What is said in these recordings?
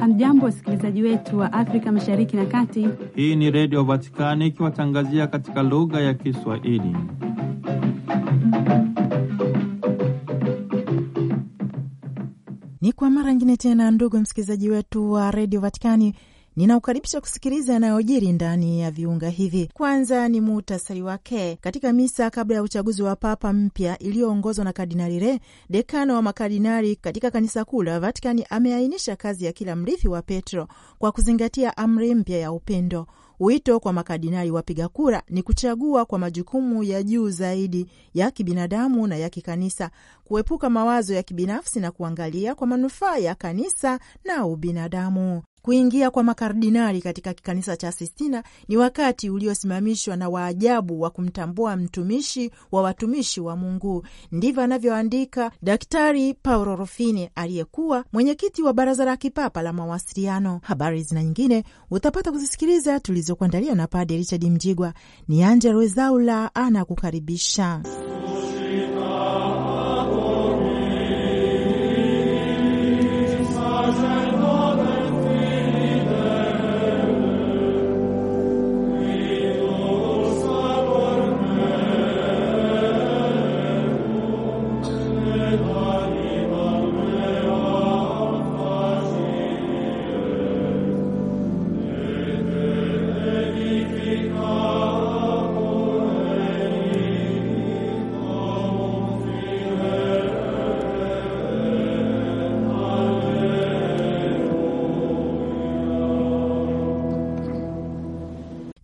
Hamjambo, wasikilizaji wetu wa Afrika mashariki na kati. Hii ni Redio Vatikani ikiwatangazia katika lugha ya Kiswahili. Ni kwa mara nyingine tena, ndugu msikilizaji wetu wa Redio Vatikani Ninaukaribisha kusikiliza yanayojiri ndani ya viunga hivi. Kwanza ni muhtasari wake. Katika misa kabla ya uchaguzi wa papa mpya iliyoongozwa na Kardinali Re, dekano wa makardinali katika kanisa kuu la Vatikani, ameainisha kazi ya kila mrithi wa Petro kwa kuzingatia amri mpya ya upendo. Wito kwa makardinali wapiga kura ni kuchagua kwa majukumu ya juu zaidi ya kibinadamu na ya kikanisa, kuepuka mawazo ya kibinafsi na kuangalia kwa manufaa ya kanisa na ubinadamu. Kuingia kwa makardinali katika kikanisa cha Sistina ni wakati uliosimamishwa na waajabu wa kumtambua mtumishi wa watumishi wa Mungu. Ndivyo anavyoandika Daktari Paolo Rufini, aliyekuwa mwenyekiti wa Baraza la Kipapa la Mawasiliano. Habari zina nyingine utapata kuzisikiliza tulizokuandalia na Padre Richard Mjigwa. Ni Angella Rwezaula anakukaribisha.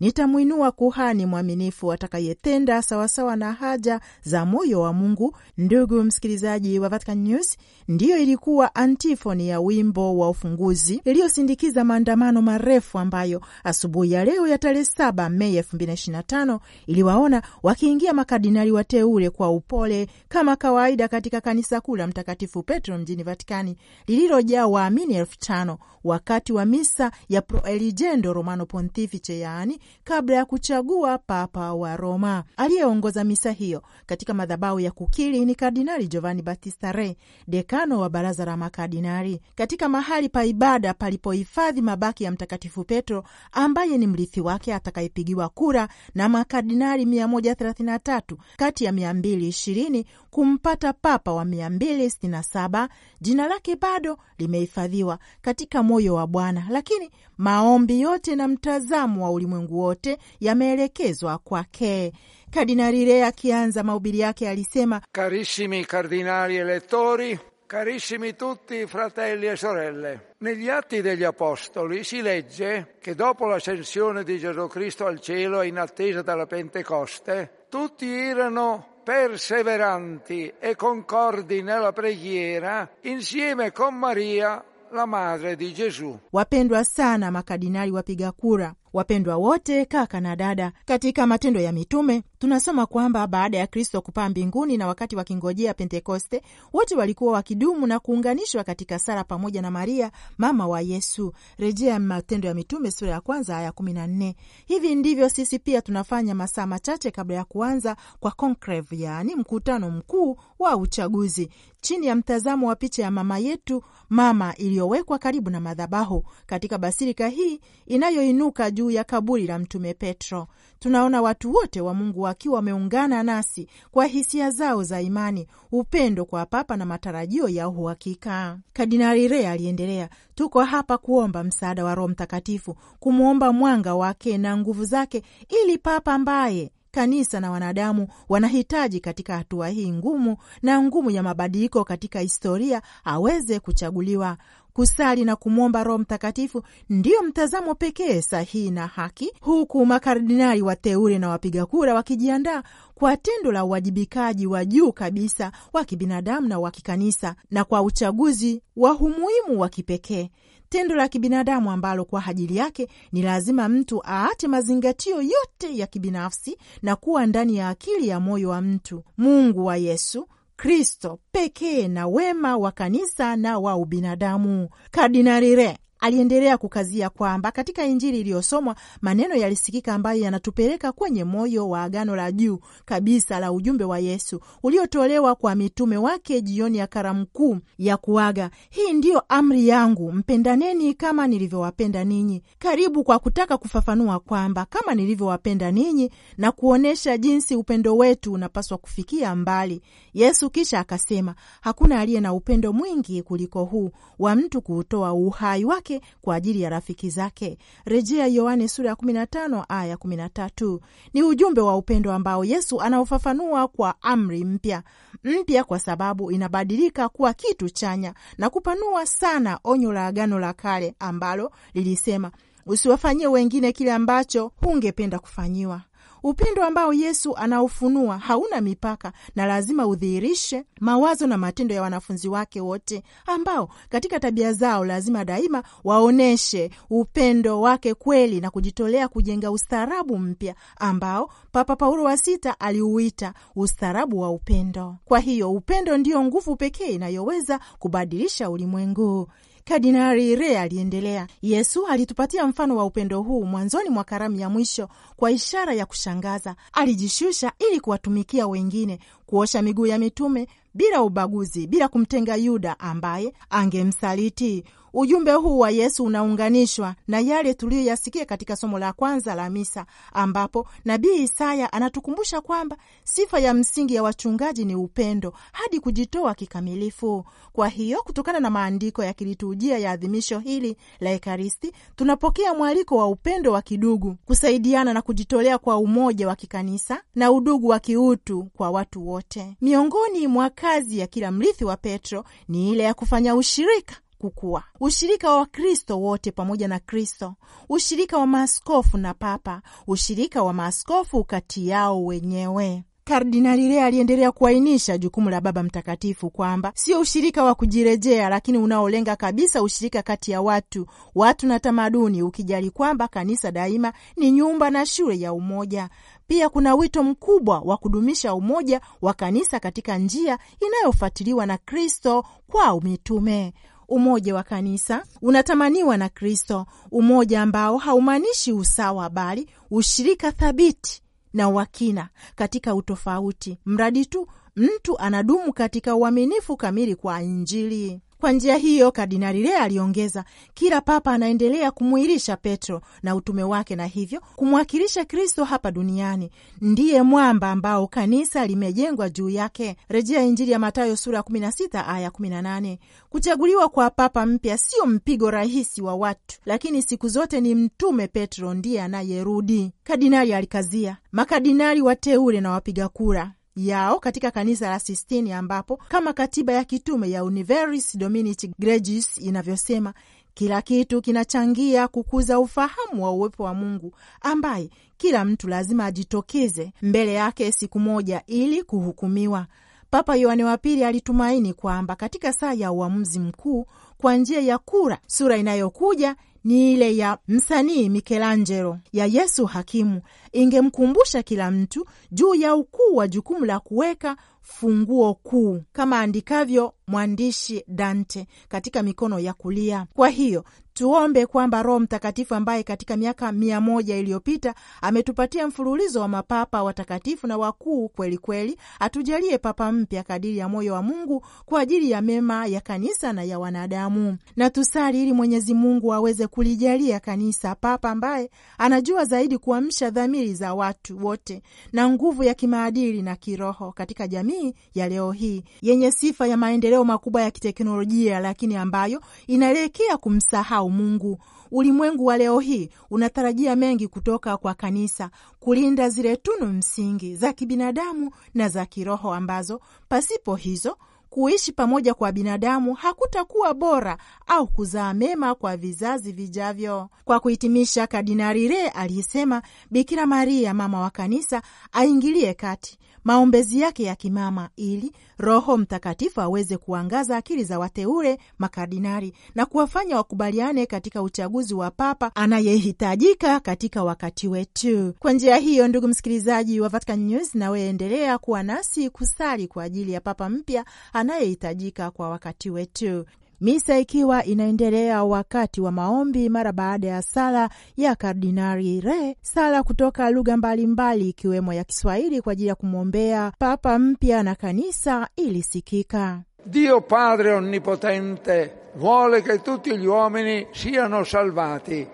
Nitamwinua kuhani mwaminifu atakayetenda sawasawa na haja za moyo wa Mungu. Ndugu msikilizaji wa Vatican News, ndiyo ilikuwa antifoni ya wimbo wa ufunguzi iliyosindikiza maandamano marefu ambayo asubuhi ya leo ya tarehe 7 Mei 2025 iliwaona wakiingia makardinali wateule kwa upole kama kawaida katika kanisa kuu la Mtakatifu Petro mjini Vatikani lililojaa waamini elfu tano wakati wa misa ya Proeligendo Romano Pontifice, yaani kabla ya kuchagua papa wa Roma. Aliyeongoza misa hiyo katika madhabahu ya kukiri ni Kardinali Giovanni Battista Re, dekano wa baraza la makardinali, katika mahali pa ibada palipohifadhi mabaki ya Mtakatifu Petro ambaye ni mrithi wake atakayepigiwa kura na makardinali 133 kati ya 220 kumpata papa wa 267. Jina lake bado limehifadhiwa katika moyo wa Bwana, lakini maombi yote na mtazamo wa ulimwengu wote yameelekezwa kwake. Kardinali Re akianza mahubiri yake alisema, carissimi kardinali elettori Carissimi tutti fratelli e sorelle, negli Atti degli Apostoli si legge che dopo l'ascensione di Gesù Cristo al cielo e in attesa della Pentecoste, tutti erano perseveranti e concordi nella preghiera insieme con Maria, la madre di Gesù. Wapendwa sana makardinali wapiga kura Wapendwa wote, kaka na dada, katika Matendo ya Mitume tunasoma kwamba baada ya Kristo kupaa mbinguni na wakati wakingojea Pentekoste, wote walikuwa wakidumu na kuunganishwa katika sala pamoja na Maria mama wa Yesu. Rejea Matendo ya Mitume sura ya kwanza aya kumi na nne. Hivi ndivyo sisi pia tunafanya masaa machache kabla ya kuanza kwa conclave, yaani mkutano mkuu wa uchaguzi, chini ya mtazamo wa picha ya mama yetu mama iliyowekwa karibu na madhabahu katika basilika hii inayoinuka juu juu ya kaburi la Mtume Petro. Tunaona watu wote wa Mungu wakiwa wameungana nasi kwa hisia zao za imani, upendo kwa Papa na matarajio ya uhakika. Kardinali Rea aliendelea, tuko hapa kuomba msaada wa Roho Mtakatifu, kumwomba mwanga wake na nguvu zake, ili Papa ambaye kanisa na wanadamu wanahitaji katika hatua hii ngumu na ngumu ya mabadiliko katika historia aweze kuchaguliwa Kusali na kumwomba Roho Mtakatifu ndiyo mtazamo pekee sahihi na haki, huku makardinali wateule na wapiga kura wakijiandaa kwa tendo la uwajibikaji wa juu kabisa wa kibinadamu na wa kikanisa na kwa uchaguzi wa umuhimu wa kipekee tendo la kibinadamu ambalo kwa ajili yake ni lazima mtu aate mazingatio yote ya kibinafsi na kuwa ndani ya akili ya moyo wa mtu Mungu wa Yesu Kristo pekee na wema wa kanisa na wa ubinadamu. Kardinali Re Aliendelea kukazia kwamba katika Injili iliyosomwa maneno yalisikika ambayo yanatupeleka kwenye moyo wa agano la juu kabisa la ujumbe wa Yesu uliotolewa kwa mitume wake jioni ya karamu kuu ya kuaga: hii ndiyo amri yangu, mpendaneni kama nilivyowapenda ninyi. Karibu kwa kutaka kufafanua kwamba kama nilivyowapenda ninyi na kuonyesha jinsi upendo wetu unapaswa kufikia mbali. Yesu kisha akasema, hakuna aliye na upendo mwingi kuliko huu wa mtu kuutoa uhai wake zake kwa ajili ya rafiki zake, rejea Yohane sura ya 15 aya 13. Ni ujumbe wa upendo ambao Yesu anaofafanua kwa amri mpya mpya, kwa sababu inabadilika kuwa kitu chanya na kupanua sana onyo la Agano la Kale ambalo lilisema usiwafanyie wengine kile ambacho hungependa kufanyiwa. Upendo ambao Yesu anaofunua hauna mipaka na lazima udhihirishe mawazo na matendo ya wanafunzi wake wote, ambao katika tabia zao lazima daima waoneshe upendo wake kweli na kujitolea kujenga ustaarabu mpya ambao Papa Paulo wa Sita aliuita ustaarabu wa upendo. Kwa hiyo upendo ndiyo nguvu pekee inayoweza kubadilisha ulimwengu kadinari Re aliendelea, Yesu alitupatia mfano wa upendo huu mwanzoni mwa karamu ya mwisho. Kwa ishara ya kushangaza, alijishusha ili kuwatumikia wengine, kuosha miguu ya mitume bila ubaguzi, bila kumtenga Yuda ambaye angemsaliti. Ujumbe huu wa Yesu unaunganishwa na yale tuliyoyasikia katika somo la kwanza la misa, ambapo nabii Isaya anatukumbusha kwamba sifa ya msingi ya wachungaji ni upendo hadi kujitoa kikamilifu. Kwa hiyo, kutokana na maandiko ya kiliturujia ya adhimisho hili la Ekaristi, tunapokea mwaliko wa upendo wa kidugu, kusaidiana na kujitolea kwa umoja wa kikanisa na udugu wa kiutu kwa watu wote. Miongoni mwa kazi ya kila mrithi wa Petro ni ile ya kufanya ushirika kukua: ushirika wa Wakristo wote pamoja na Kristo, ushirika wa maaskofu na Papa, ushirika wa maaskofu kati yao wenyewe. Kardinali Rea aliendelea kuainisha jukumu la Baba Mtakatifu kwamba sio ushirika wa kujirejea, lakini unaolenga kabisa ushirika kati ya watu, watu na tamaduni, ukijali kwamba kanisa daima ni nyumba na shule ya umoja. Pia kuna wito mkubwa wa kudumisha umoja wa kanisa katika njia inayofuatiliwa na Kristo kwa mitume umoja wa kanisa unatamaniwa na Kristo, umoja ambao haumaanishi usawa, bali ushirika thabiti na wakina katika utofauti, mradi tu mtu anadumu katika uaminifu kamili kwa Injili. Kwa njia hiyo, Kardinali Rea aliongeza, kila papa anaendelea kumwilisha Petro na utume wake na hivyo kumwakilisha Kristo hapa duniani. Ndiye mwamba ambao kanisa limejengwa juu yake, rejea Injili ya Matayo sura 16 aya 18. Kuchaguliwa kwa papa mpya sio mpigo rahisi wa watu, lakini siku zote ni Mtume Petro ndiye anayerudi, kardinali alikazia. Makardinali wateule na wapiga kura yao katika kanisa la Sistini, ambapo kama katiba ya kitume ya Universi Dominici Gregis inavyosema kila kitu kinachangia kukuza ufahamu wa uwepo wa Mungu ambaye kila mtu lazima ajitokeze mbele yake siku moja ili kuhukumiwa. Papa Yohane wa Pili alitumaini kwamba katika saa ya uamuzi mkuu kwa njia ya kura, sura inayokuja ni ile ya msanii Michelangelo ya Yesu Hakimu, ingemkumbusha kila mtu juu ya ukuu wa jukumu la kuweka funguo kuu kama andikavyo mwandishi Dante katika mikono ya kulia. Kwa hiyo Tuombe kwamba Roho Mtakatifu ambaye katika miaka mia moja iliyopita ametupatia mfululizo wa mapapa watakatifu na wakuu kwelikweli, atujalie papa mpya kadiri ya moyo wa Mungu kwa ajili ya mema ya kanisa na ya wanadamu. Na tusali ili Mwenyezi Mungu aweze kulijalia kanisa papa ambaye anajua zaidi kuamsha dhamiri za watu wote na nguvu ya kimaadili na kiroho katika jamii ya leo hii yenye sifa ya maendeleo makubwa ya kiteknolojia, lakini ambayo inaelekea kumsahau au Mungu. Ulimwengu wa leo hii unatarajia mengi kutoka kwa kanisa, kulinda zile tunu msingi za kibinadamu na za kiroho ambazo pasipo hizo kuishi pamoja kwa binadamu hakutakuwa bora au kuzaa mema kwa vizazi vijavyo. Kwa kuhitimisha, Kardinali Re aliyesema Bikira Maria mama wa kanisa aingilie kati maombezi yake ya kimama ili Roho Mtakatifu aweze kuangaza akili za wateule makardinali na kuwafanya wakubaliane katika uchaguzi wa papa anayehitajika katika wakati wetu. Kwa njia hiyo, ndugu msikilizaji wa Vatican News, naweendelea kuwa nasi kusali kwa ajili ya papa mpya anayehitajika kwa wakati wetu misa ikiwa inaendelea wakati wa maombi mara baada ya sala ya kardinari Re, sala kutoka lugha mbalimbali ikiwemo ya Kiswahili kwa ajili ya kumwombea Papa mpya na kanisa ilisikika. Dio Padre Onnipotente vuole che tutti gli uomini siano salvati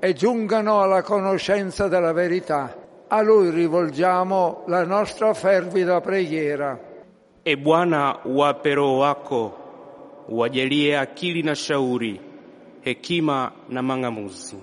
e giungano alla conoscenza della verità. A Lui rivolgiamo la nostra fervida preghiera. E Bwana wa pero wako uwajalie akili na shauri, hekima na mang'amuzi.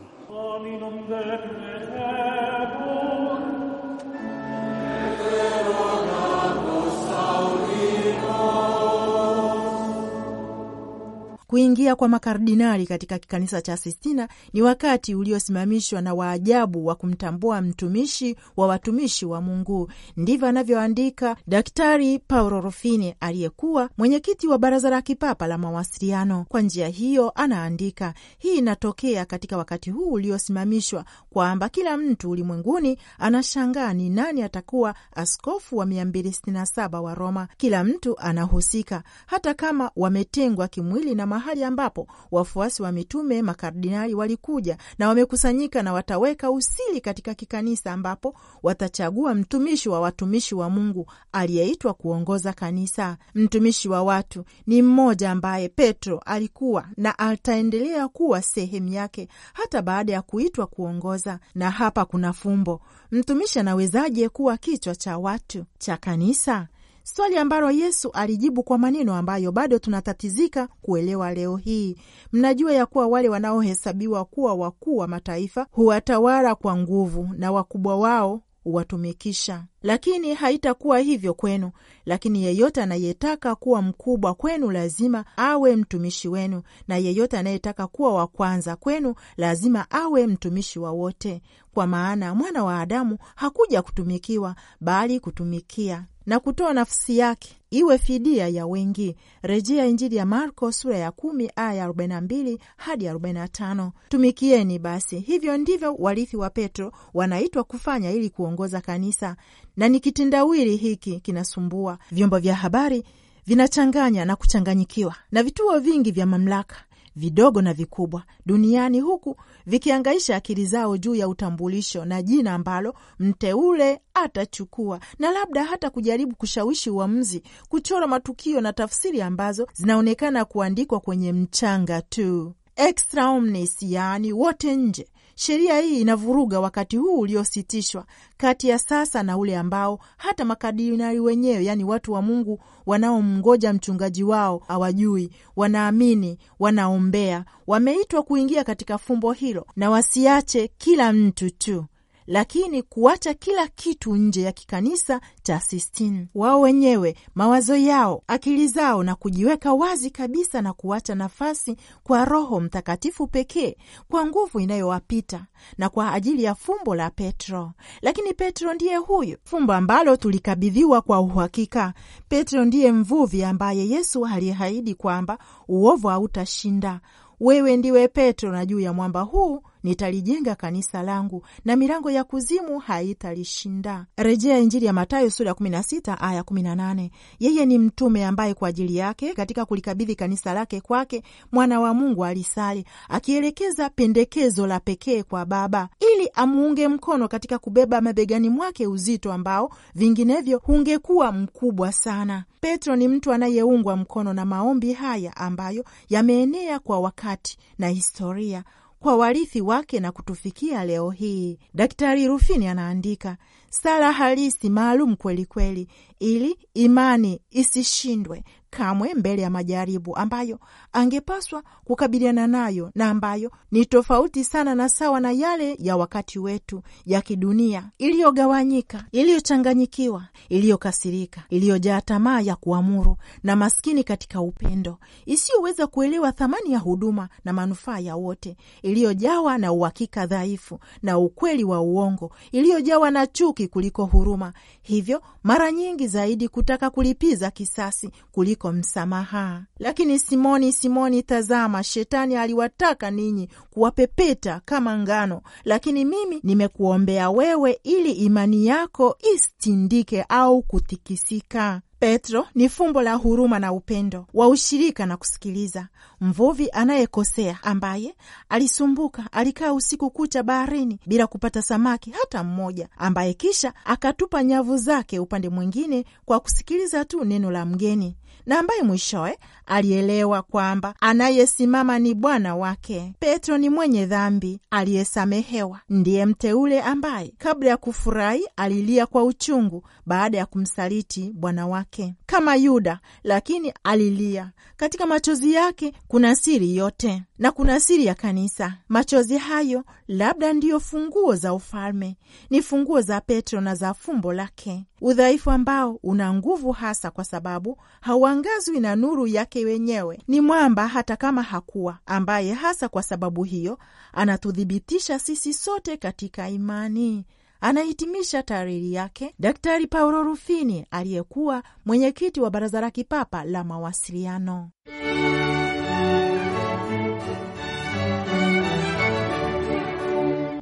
Kuingia kwa makardinali katika kikanisa cha Sistina ni wakati uliosimamishwa na waajabu wa kumtambua mtumishi wa watumishi wa Mungu. Ndivyo anavyoandika Daktari Paolo Rufini, aliyekuwa mwenyekiti wa Baraza la Kipapa la Mawasiliano. Kwa njia hiyo, anaandika hii inatokea katika wakati huu uliosimamishwa, kwamba kila mtu ulimwenguni anashangaa ni nani atakuwa askofu wa 267 wa Roma. Kila mtu anahusika, hata kama wametengwa kimwili na mahali ambapo wafuasi wa mitume makardinali walikuja na wamekusanyika, na wataweka usili katika kikanisa, ambapo watachagua mtumishi wa watumishi wa Mungu aliyeitwa kuongoza kanisa. Mtumishi wa watu ni mmoja ambaye Petro alikuwa na ataendelea kuwa sehemu yake hata baada ya kuitwa kuongoza. Na hapa kuna fumbo: mtumishi anawezaje kuwa kichwa cha watu cha kanisa? swali ambalo Yesu alijibu kwa maneno ambayo bado tunatatizika kuelewa leo hii. Mnajua ya kuwa wale wanaohesabiwa kuwa wakuu wa mataifa huwatawala kwa nguvu na wakubwa wao huwatumikisha, lakini haitakuwa hivyo kwenu. Lakini yeyote anayetaka kuwa mkubwa kwenu lazima awe mtumishi wenu, na yeyote anayetaka kuwa wa kwanza kwenu lazima awe mtumishi wa wote, kwa maana mwana wa Adamu hakuja kutumikiwa, bali kutumikia na kutoa nafsi yake iwe fidia ya wengi. Rejea Injili ya Marko sura ya kumi aya arobaini na mbili hadi arobaini na tano. Tumikieni basi, hivyo ndivyo warithi wa Petro wanaitwa kufanya ili kuongoza kanisa, na ni kitendawili hiki kinasumbua. Vyombo vya habari vinachanganya na kuchanganyikiwa na vituo vingi vya mamlaka vidogo na vikubwa duniani, huku vikiangaisha akili zao juu ya utambulisho na jina ambalo mteule atachukua, na labda hata kujaribu kushawishi uamuzi, kuchora matukio na tafsiri ambazo zinaonekana kuandikwa kwenye mchanga tu. Extra omnes, yaani wote nje, Sheria hii inavuruga wakati huu uliositishwa kati ya sasa na ule ambao hata makadinali wenyewe, yaani watu wa Mungu wanaomngoja mchungaji wao, hawajui, wanaamini, wanaombea, wameitwa kuingia katika fumbo hilo, na wasiache kila mtu tu lakini kuacha kila kitu nje ya kikanisa cha Sistine, wao wenyewe, mawazo yao, akili zao, na kujiweka wazi kabisa na kuacha nafasi kwa Roho Mtakatifu pekee kwa nguvu inayowapita na kwa ajili ya fumbo la Petro. Lakini Petro ndiye huyo fumbo ambalo tulikabidhiwa kwa uhakika. Petro ndiye mvuvi ambaye Yesu aliahidi kwamba uovu hautashinda. Wewe ndiwe Petro, na juu ya mwamba huu nitalijenga kanisa langu na milango ya kuzimu haitalishinda. Rejea Injili ya Mathayo sura ya 16 aya 18. Yeye ni mtume ambaye kwa ajili yake katika kulikabidhi kanisa lake kwake mwana wa Mungu alisali akielekeza pendekezo la pekee kwa Baba ili amuunge mkono katika kubeba mabegani mwake uzito ambao vinginevyo hungekuwa mkubwa sana. Petro ni mtu anayeungwa mkono na maombi haya ambayo yameenea kwa wakati na historia kwa warithi wake na kutufikia leo hii. Daktari Rufini anaandika sala halisi maalum kwelikweli, ili imani isishindwe kamwe mbele ya majaribu ambayo angepaswa kukabiliana nayo na ambayo ni tofauti sana na sawa na yale ya wakati wetu ya kidunia iliyogawanyika, iliyochanganyikiwa, iliyokasirika, iliyojaa tamaa ya kuamuru na maskini katika upendo, isiyoweza kuelewa thamani ya huduma na manufaa ya wote, iliyojawa na uhakika dhaifu na ukweli wa uongo, iliyojawa na chuki kuliko huruma, hivyo mara nyingi zaidi kutaka kulipiza kisasi kuliko kuliko msamaha. Lakini Simoni, Simoni, tazama, shetani aliwataka ninyi kuwapepeta kama ngano, lakini mimi nimekuombea wewe, ili imani yako isitindike au kutikisika. Petro ni fumbo la huruma na upendo wa ushirika na kusikiliza mvuvi anayekosea ambaye alisumbuka, alikaa usiku kucha baharini bila kupata samaki hata mmoja, ambaye kisha akatupa nyavu zake upande mwingine kwa kusikiliza tu neno la mgeni, na ambaye mwishowe alielewa kwamba anayesimama ni Bwana wake. Petro ni mwenye dhambi aliyesamehewa, ndiye mteule ambaye kabla ya kufurahi alilia kwa uchungu baada ya kumsaliti Bwana wake, kama Yuda, lakini alilia katika machozi yake kuna siri yote na kuna siri ya kanisa. Machozi hayo labda ndiyo funguo za ufalme, ni funguo za Petro na za fumbo lake, udhaifu ambao una nguvu hasa kwa sababu hauangazwi na nuru yake wenyewe. Ni mwamba hata kama hakuwa, ambaye hasa kwa sababu hiyo anatuthibitisha sisi sote katika imani. Anahitimisha taariri yake Daktari Paolo Rufini, aliyekuwa mwenyekiti wa Baraza la Kipapa la Mawasiliano.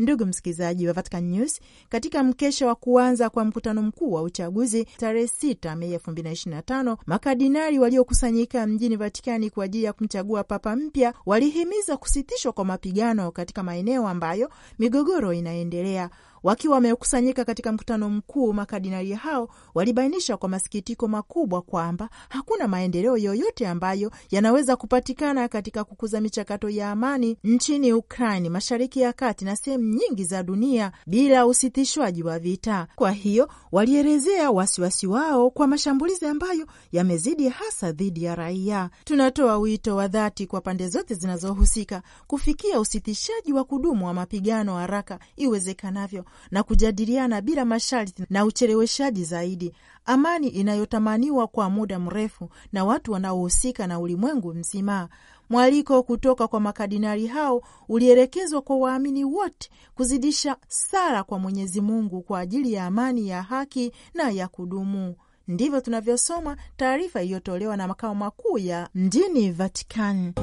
Ndugu msikilizaji wa Vatican News, katika mkesha wa kuanza kwa mkutano mkuu wa uchaguzi tarehe 6 Mei 2025, makardinali waliokusanyika mjini Vatikani kwa ajili ya kumchagua papa mpya walihimiza kusitishwa kwa mapigano katika maeneo ambayo migogoro inaendelea Wakiwa wamekusanyika katika mkutano mkuu, makardinali hao walibainisha kwa masikitiko makubwa kwamba hakuna maendeleo yoyote ambayo yanaweza kupatikana katika kukuza michakato ya amani nchini Ukraini, Mashariki ya Kati na sehemu nyingi za dunia bila usitishwaji wa vita. Kwa hiyo walielezea wasiwasi wao kwa mashambulizi ambayo yamezidi hasa dhidi ya raia. Tunatoa wito wa dhati kwa pande zote zinazohusika kufikia usitishaji wa kudumu wa mapigano haraka iwezekanavyo na kujadiliana bila masharti na ucheleweshaji zaidi, amani inayotamaniwa kwa muda mrefu na watu wanaohusika na ulimwengu mzima. Mwaliko kutoka kwa makardinali hao ulielekezwa kwa waamini wote kuzidisha sala kwa Mwenyezi Mungu kwa ajili ya amani ya haki na ya kudumu. Ndivyo tunavyosoma taarifa iliyotolewa na makao makuu ya mjini Vatikani.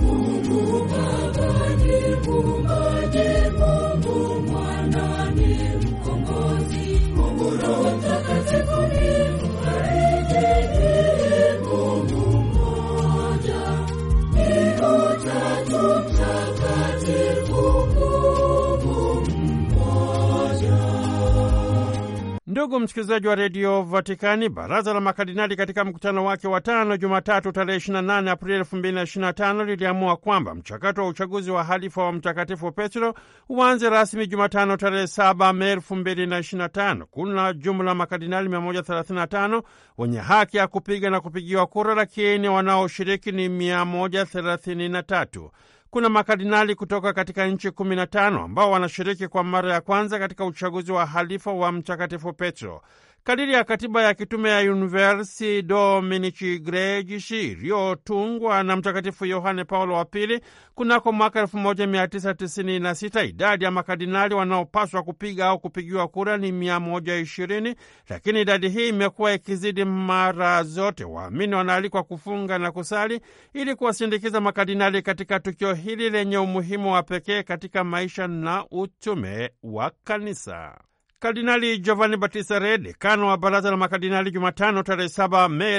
Ndugu msikilizaji wa redio Vatikani, baraza la makardinali katika mkutano wake wa tano Jumatatu tarehe 28 Aprili 2025 liliamua kwamba mchakato wa uchaguzi wa halifa wa Mtakatifu Petro uanze rasmi Jumatano tarehe 7 Mei 2025. Kuna jumla makardinali 135 wenye haki ya kupiga na kupigiwa kura, lakini wanaoshiriki ni 133 kuna makardinali kutoka katika nchi kumi na tano ambao wanashiriki kwa mara ya kwanza katika uchaguzi wa halifa wa Mtakatifu Petro kadiri ya katiba ya kitume ya Universi Dominici gregis iliyotungwa na Mtakatifu Yohane Paulo wa Pili kunako mwaka 1996. Idadi ya makardinali wanaopaswa kupiga au kupigiwa kura ni 120, lakini idadi hii imekuwa ikizidi mara zote. Waamini wanaalikwa kufunga na kusali ili kuwasindikiza makardinali katika tukio hili lenye umuhimu wa pekee katika maisha na utume wa Kanisa. Kardinali Giovanni Battista Re, dekano wa baraza la makardinali, Jumatano tarehe saba Mei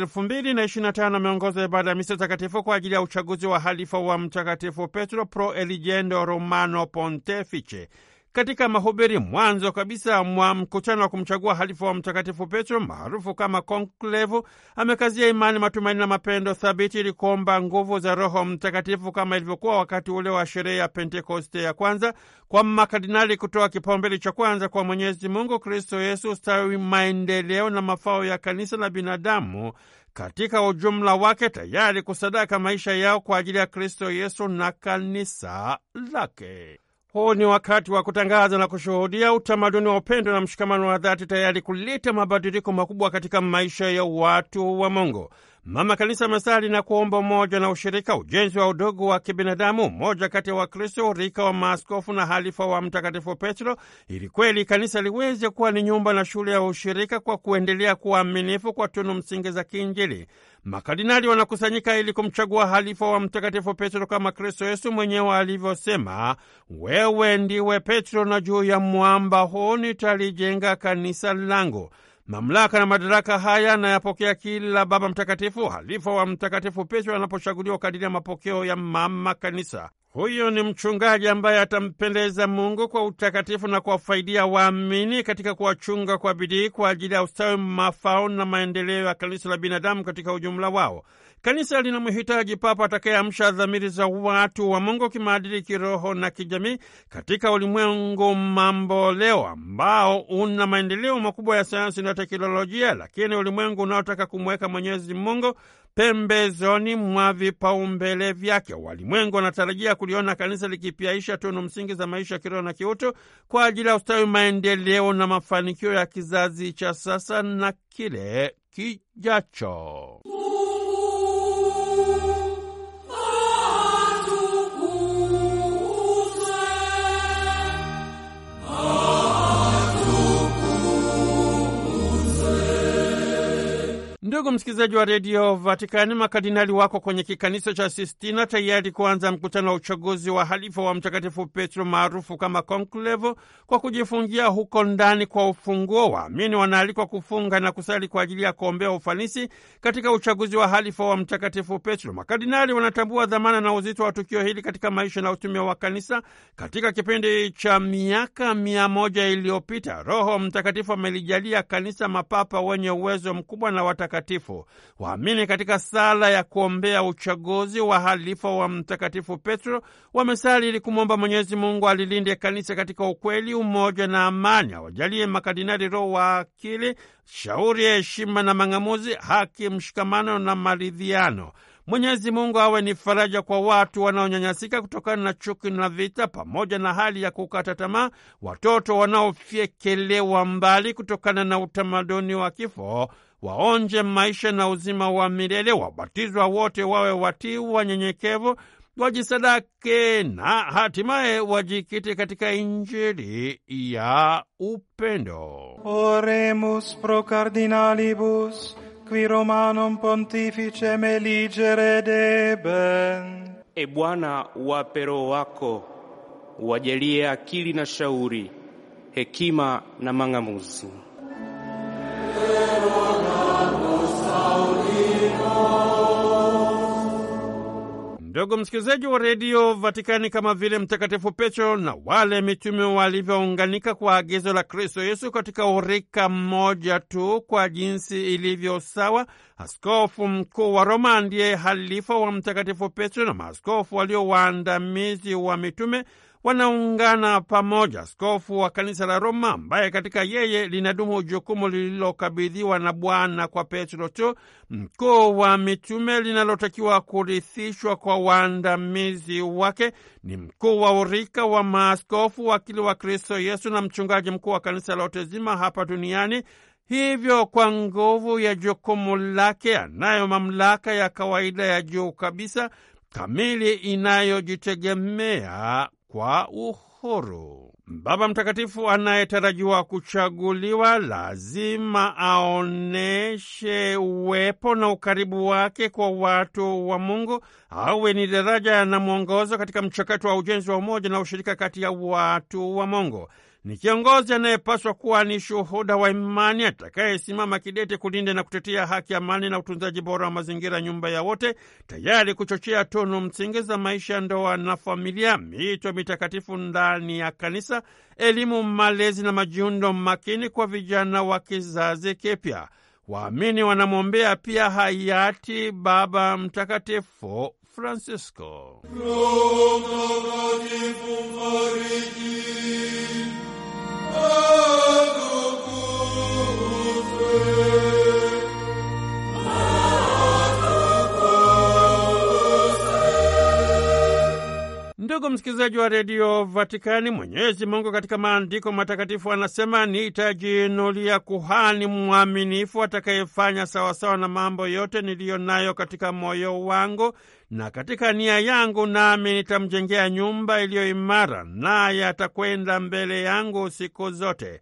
tano ameongoza ibada ya misa takatifu kwa ajili ya uchaguzi wa halifa wa Mtakatifu Petro pro eligendo Romano Pontefice katika mahubiri mwanzo kabisa mwa mkutano wa kumchagua halifa wa Mtakatifu Petro maarufu kama konklevu, amekazia imani, matumaini na mapendo thabiti ili kuomba nguvu za Roho Mtakatifu kama ilivyokuwa wakati ule wa sherehe ya Pentekoste ya kwanza, kwa makardinali kutoa kipaumbele cha kwanza kwa Mwenyezi Mungu, Kristo Yesu, ustawi, maendeleo na mafao ya kanisa na binadamu katika ujumla wake, tayari kusadaka maisha yao kwa ajili ya Kristo Yesu na kanisa lake. Huu ni wakati wa kutangaza na kushuhudia utamaduni wa upendo na mshikamano wa dhati, tayari kuleta mabadiliko makubwa katika maisha ya watu wa Mungu. Mama Kanisa amesali na kuomba umoja na ushirika, ujenzi wa udugu wa kibinadamu, umoja kati ya Wakristo, urika wa maaskofu na halifa wa Mtakatifu Petro, ili kweli kanisa liweze kuwa ni nyumba na shule ya ushirika, kwa kuendelea kuwa aminifu kwa tunu msingi za kiinjili. Makardinali wanakusanyika ili kumchagua halifa wa Mtakatifu Petro kama Kristo Yesu mwenyewe alivyosema, wewe ndiwe Petro na juu ya mwamba huu nitalijenga kanisa langu. Mamlaka na madaraka haya anayapokea kila Baba Mtakatifu, halifa wa Mtakatifu Petro anapochaguliwa kadiri ya mapokeo ya Mama Kanisa. Huyu ni mchungaji ambaye atampendeza Mungu kwa utakatifu na kuwafaidia waamini katika kuwachunga kwa bidii kwa ajili ya ustawi, mafao na maendeleo ya kanisa la binadamu katika ujumla wao. Kanisa linamhitaji papa atakayeamsha dhamiri za watu wa Mungu kimaadili, kiroho na kijamii katika ulimwengu mamboleo ambao una maendeleo makubwa ya sayansi na teknolojia, lakini ulimwengu unaotaka kumweka Mwenyezi Mungu pembezoni mwa vipaumbele vyake. Walimwengu wanatarajia kuliona kanisa likipiaisha tunu msingi za maisha kiroho na kiutu kwa ajili ya ustawi, maendeleo na mafanikio ya kizazi cha sasa na kile kijacho. Ndugu msikilizaji wa redio Vatikani, makardinali wako kwenye kikanisa cha Sistina tayari kuanza mkutano wa uchaguzi wa halifa wa Mtakatifu Petro maarufu kama konklevo kwa kujifungia huko ndani kwa ufunguo. Waamini wanaalikwa kufunga na kusali kwa ajili ya kuombea ufanisi katika uchaguzi wa halifa wa Mtakatifu Petro. Makardinali wanatambua dhamana na uzito wa tukio hili katika maisha na utume wa kanisa. Katika kipindi cha miaka mia moja iliyopita, Roho Mtakatifu amelijalia kanisa mapapa wenye uwezo mkubwa na watakatifu Mtakatifu. Waamini katika sala ya kuombea uchaguzi wa halifa wa Mtakatifu Petro wamesali ili kumwomba Mwenyezi Mungu alilinde kanisa katika ukweli, umoja na amani, awajalie makardinali roho wa akili, shauri ya heshima na mang'amuzi, haki, mshikamano na maridhiano. Mwenyezi Mungu awe ni faraja kwa watu wanaonyanyasika kutokana na chuki na vita, pamoja na hali ya kukata tamaa, watoto wanaofyekelewa mbali kutokana na utamaduni wa kifo waonje maisha na uzima wa milele, wabatizwa wote wawe watiu, wanyenyekevu, wajisadake na hatimaye wajikite katika Injili ya upendo. Oremus pro cardinalibus qui Romanum pontifice meligere deben. E Bwana, wape Roho wako wajalie akili na shauri, hekima na mang'amuzi Ndugu msikilizaji wa redio Vatikani, kama vile Mtakatifu Petro na wale mitume walivyounganika kwa agizo la Kristo Yesu katika urika mmoja tu kwa jinsi ilivyo sawa, askofu mkuu wa Roma ndiye halifa wa Mtakatifu Petro na maaskofu walio waandamizi wa mitume wanaungana pamoja. Askofu wa kanisa la Roma, ambaye katika yeye linadumu jukumu lililokabidhiwa na Bwana kwa Petro tu mkuu wa mitume, linalotakiwa kurithishwa kwa waandamizi wake, ni mkuu wa urika wa maaskofu, wakili wa Kristo Yesu na mchungaji mkuu wa kanisa lote zima hapa duniani. Hivyo, kwa nguvu ya jukumu lake, anayo mamlaka ya kawaida ya juu kabisa kamili inayojitegemea kwa uhuru. Baba Mtakatifu anayetarajiwa kuchaguliwa lazima aoneshe uwepo na ukaribu wake kwa watu wa Mungu, awe ni daraja na mwongozo katika mchakato wa ujenzi wa umoja na ushirika kati ya watu wa Mungu ni kiongozi anayepaswa kuwa ni shuhuda wa imani atakayesimama kidete kulinda na kutetea haki, amani na utunzaji bora wa mazingira, nyumba ya wote, tayari kuchochea tunu msingi za maisha, ndoa na familia, miito mitakatifu ndani ya kanisa, elimu, malezi na majiundo makini kwa vijana wa kizazi kipya. Waamini wanamwombea pia hayati Baba Mtakatifu Francisco. Ndugu msikilizaji wa redio Vatikani, Mwenyezi Mungu katika maandiko matakatifu anasema, nitajiinulia kuhani mwaminifu atakayefanya sawasawa na mambo yote niliyo nayo katika moyo wangu na katika nia yangu, nami nitamjengea nyumba iliyo imara, naye atakwenda mbele yangu siku zote.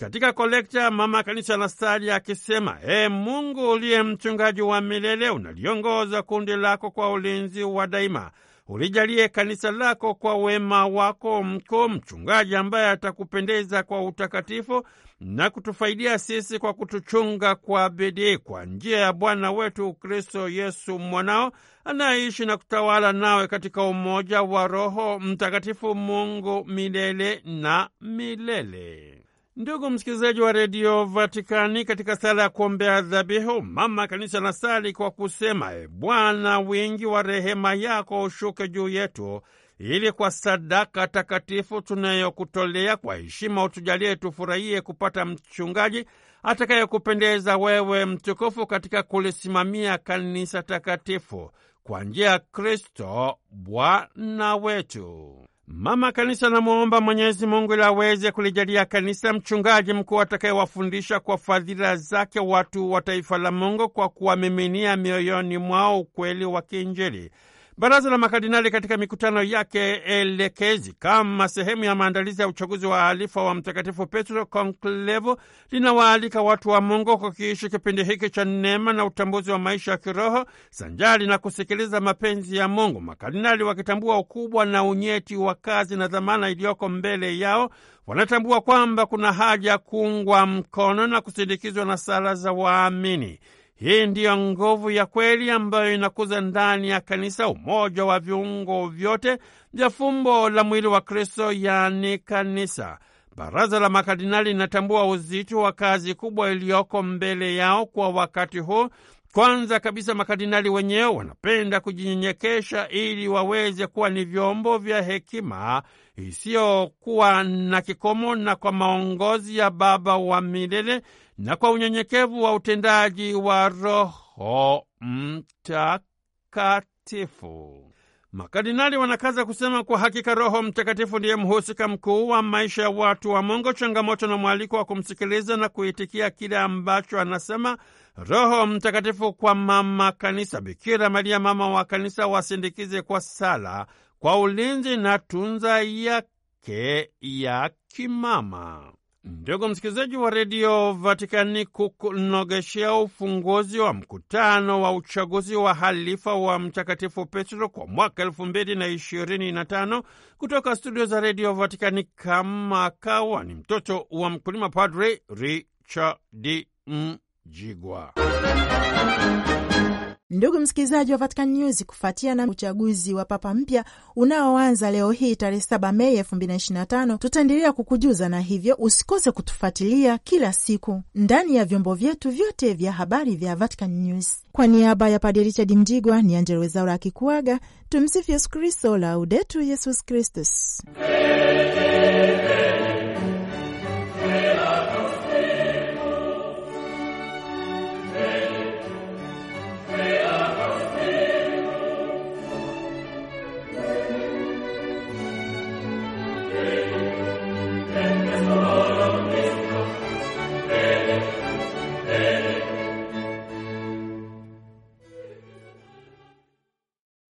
Katika kolekta mama kanisa la stari akisema, E Mungu uliye mchungaji wa milele, unaliongoza kundi lako kwa ulinzi wa daima ulijalie kanisa lako kwa wema wako mkuu, mchungaji ambaye atakupendeza kwa utakatifu na kutufaidia sisi kwa kutuchunga kwa bidii, kwa njia ya Bwana wetu Kristo Yesu mwanao, anayeishi na kutawala nawe katika umoja wa Roho Mtakatifu, Mungu milele na milele. Ndugu msikilizaji wa redio Vatikani, katika sala ya kuombea dhabihu, mama kanisa sali kwa kusema: E Bwana, wingi wa rehema yako ushuke juu yetu, ili kwa sadaka takatifu tunayokutolea kwa heshima utujalie tufurahie kupata mchungaji atakayekupendeza wewe mtukufu, katika kulisimamia kanisa takatifu kwa njia ya Kristo Bwana wetu. Mama Kanisa anamwomba Mwenyezi Mungu ili aweze kulijalia kanisa mchungaji mkuu atakayewafundisha kwa fadhila zake watu wa taifa la Mungu kwa kuwamiminia mioyoni mwao ukweli wa kiinjili. Baraza la makardinali katika mikutano yake elekezi kama sehemu ya maandalizi ya uchaguzi wa alifa wa Mtakatifu Petro, Conclevo linawaalika watu wa Mungu kukiishi kipindi hiki cha neema na utambuzi wa maisha ya kiroho sanjari na kusikiliza mapenzi ya Mungu, makardinali wakitambua ukubwa na unyeti wa kazi na dhamana iliyoko mbele yao wanatambua kwamba kuna haja kuungwa mkono na kusindikizwa na sala za waamini. Hii ndiyo nguvu ya kweli ambayo inakuza ndani ya kanisa umoja wa viungo vyote vya fumbo la mwili wa Kristo, yaani kanisa. Baraza la makardinali linatambua uzito wa kazi kubwa iliyoko mbele yao kwa wakati huu. Kwanza kabisa, makardinali wenyewe wanapenda kujinyenyekesha ili waweze kuwa ni vyombo vya hekima isiyokuwa na kikomo na kwa maongozi ya Baba wa milele na kwa unyenyekevu wa utendaji wa Roho Mtakatifu. Makardinali wanakaza kusema kwa hakika Roho Mtakatifu ndiye mhusika mkuu wa maisha ya watu wa Mungu, changamoto na mwaliko wa kumsikiliza na kuitikia kile ambacho anasema Roho Mtakatifu kwa Mama Kanisa. Bikira Maria, mama wa Kanisa, wasindikize kwa sala, kwa ulinzi na tunza yake ya kimama. Mm. Ndugu msikilizaji wa redio Vatikani, kukunogeshea ufunguzi wa mkutano wa uchaguzi wa halifa wa Mtakatifu Petro kwa mwaka elfu mbili na ishirini na tano kutoka studio za redio Vatikani, kama kawa ni mtoto wa mkulima, Padre Richard Mjigwa. Ndugu msikilizaji wa Vatican News, kufuatia na uchaguzi wa papa mpya unaoanza leo hii tarehe 7 Mei tano, tutaendelea kukujuza, na hivyo usikose kutufuatilia kila siku ndani ya vyombo vyetu vyote vya habari vya Vatican News. Kwa niaba ya Padre Richard Mjigwa ni Angella Rwezaura akikuaga. Tumsifu Yesu Kristo, laudetu Yesus Kristus.